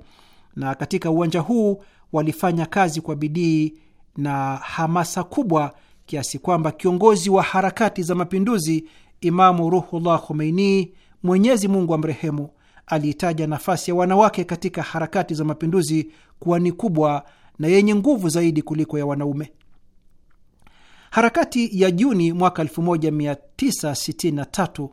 Na katika uwanja huu walifanya kazi kwa bidii na hamasa kubwa kiasi kwamba kiongozi wa harakati za mapinduzi Imamu Ruhullah Khomeini, Mwenyezi Mungu amrehemu, aliitaja nafasi ya wanawake katika harakati za mapinduzi kuwa ni kubwa na yenye nguvu zaidi kuliko ya wanaume. Harakati ya Juni mwaka 1963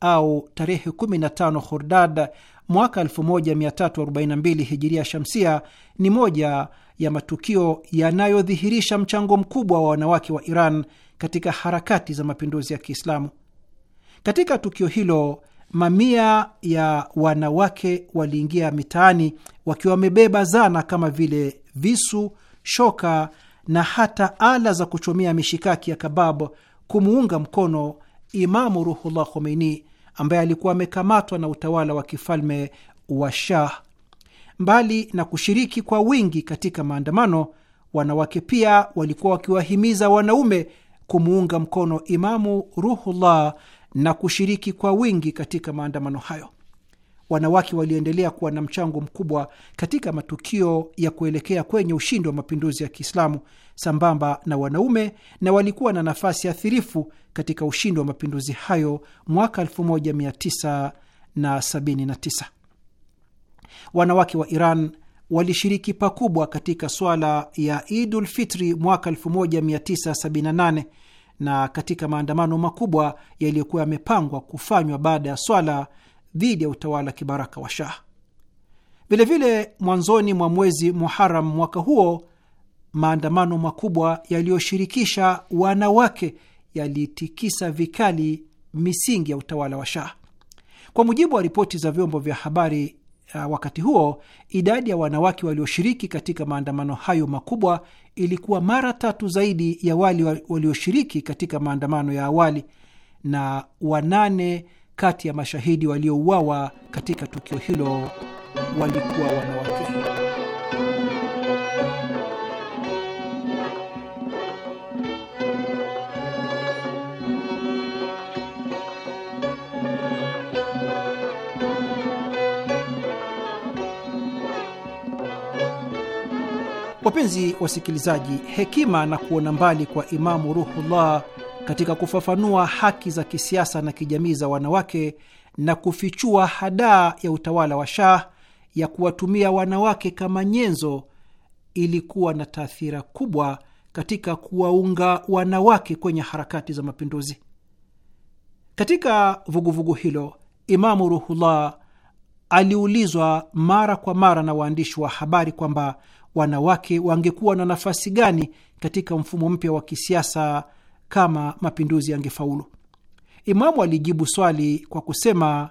au tarehe 15 Hordad mwaka 1342 hijiria shamsia ni moja ya matukio yanayodhihirisha mchango mkubwa wa wanawake wa Iran katika harakati za mapinduzi ya Kiislamu. Katika tukio hilo, mamia ya wanawake waliingia mitaani wakiwa wamebeba zana kama vile visu, shoka na hata ala za kuchomea mishikaki ya kabab kumuunga mkono Imamu Ruhullah Khomeini ambaye alikuwa amekamatwa na utawala wa kifalme wa Shah mbali na kushiriki kwa wingi katika maandamano, wanawake pia walikuwa wakiwahimiza wanaume kumuunga mkono Imamu Ruhullah na kushiriki kwa wingi katika maandamano hayo. Wanawake waliendelea kuwa na mchango mkubwa katika matukio ya kuelekea kwenye ushindi wa mapinduzi ya Kiislamu sambamba na wanaume, na walikuwa na nafasi athirifu katika ushindi wa mapinduzi hayo mwaka 1979 wanawake wa Iran walishiriki pakubwa katika swala ya Idul Fitri mwaka 1978 na katika maandamano makubwa yaliyokuwa yamepangwa kufanywa baada ya swala dhidi ya utawala kibaraka wa Shah. Vilevile, mwanzoni mwa mwezi Muharam mwaka huo maandamano makubwa yaliyoshirikisha wanawake yalitikisa vikali misingi ya utawala wa Shah. Kwa mujibu wa ripoti za vyombo vya habari Uh, wakati huo idadi ya wanawake walioshiriki katika maandamano hayo makubwa ilikuwa mara tatu zaidi ya wale walioshiriki katika maandamano ya awali, na wanane kati ya mashahidi waliouawa katika tukio hilo walikuwa wanawake. Wapenzi wasikilizaji, hekima na kuona mbali kwa Imamu Ruhullah katika kufafanua haki za kisiasa na kijamii za wanawake na kufichua hadaa ya utawala wa Shah ya kuwatumia wanawake kama nyenzo ilikuwa na taathira kubwa katika kuwaunga wanawake kwenye harakati za mapinduzi. Katika vuguvugu vugu hilo, Imamu Ruhullah aliulizwa mara kwa mara na waandishi wa habari kwamba wanawake wangekuwa na nafasi gani katika mfumo mpya wa kisiasa kama mapinduzi yangefaulu. Imamu alijibu swali kwa kusema,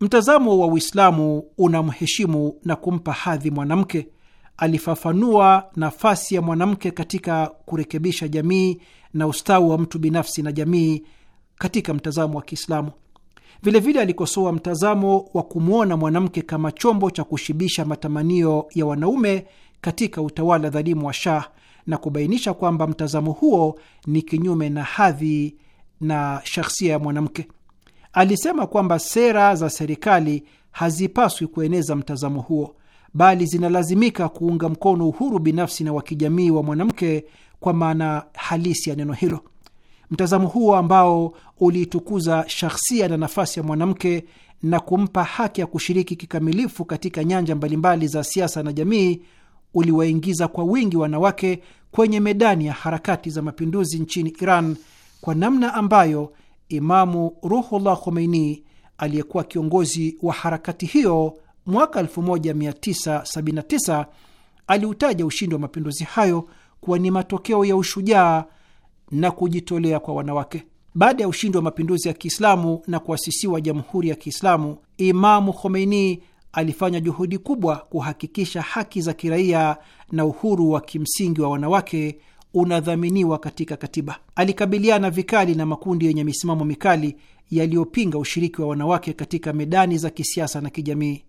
mtazamo wa Uislamu unamheshimu na kumpa hadhi mwanamke. Alifafanua nafasi ya mwanamke katika kurekebisha jamii na ustawi wa mtu binafsi na jamii katika mtazamo wa Kiislamu. Vilevile alikosoa mtazamo wa kumwona mwanamke kama chombo cha kushibisha matamanio ya wanaume katika utawala dhalimu wa Shah na kubainisha kwamba mtazamo huo ni kinyume na hadhi na shahsia ya mwanamke. Alisema kwamba sera za serikali hazipaswi kueneza mtazamo huo, bali zinalazimika kuunga mkono uhuru binafsi na wa kijamii wa mwanamke kwa maana halisi ya neno hilo. Mtazamo huo ambao uliitukuza shahsia na nafasi ya mwanamke na kumpa haki ya kushiriki kikamilifu katika nyanja mbalimbali za siasa na jamii uliwaingiza kwa wingi wanawake kwenye medani ya harakati za mapinduzi nchini Iran kwa namna ambayo Imamu Ruhullah Khomeini aliyekuwa kiongozi wa harakati hiyo mwaka 1979 aliutaja ushindi wa mapinduzi hayo kuwa ni matokeo ya ushujaa na kujitolea kwa wanawake. Baada ya ushindi wa mapinduzi ya Kiislamu na kuasisiwa jamhuri ya Kiislamu, Imamu Khomeini alifanya juhudi kubwa kuhakikisha haki za kiraia na uhuru wa kimsingi wa wanawake unadhaminiwa katika katiba. Alikabiliana vikali na makundi yenye misimamo mikali yaliyopinga ushiriki wa wanawake katika medani za kisiasa na kijamii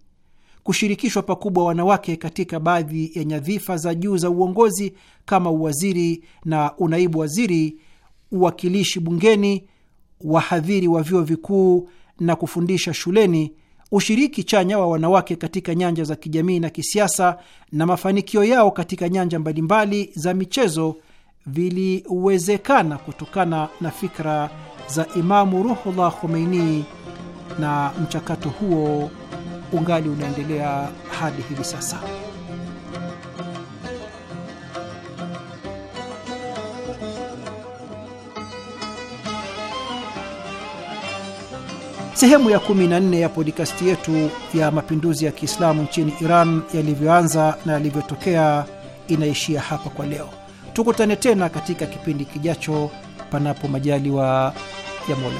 kushirikishwa pakubwa wanawake katika baadhi ya nyadhifa za juu za uongozi kama uwaziri na unaibu waziri, uwakilishi bungeni, wahadhiri wa vyuo vikuu na kufundisha shuleni, ushiriki chanya wa wanawake katika nyanja za kijamii na kisiasa, na mafanikio yao katika nyanja mbalimbali za michezo viliwezekana kutokana na fikra za Imamu Ruhullah Khomeini na mchakato huo ungali unaendelea hadi hivi sasa. Sehemu ya 14 ya podikasti yetu ya mapinduzi ya Kiislamu nchini Iran yalivyoanza na yalivyotokea inaishia hapa kwa leo. Tukutane tena katika kipindi kijacho, panapo majaliwa ya Mola.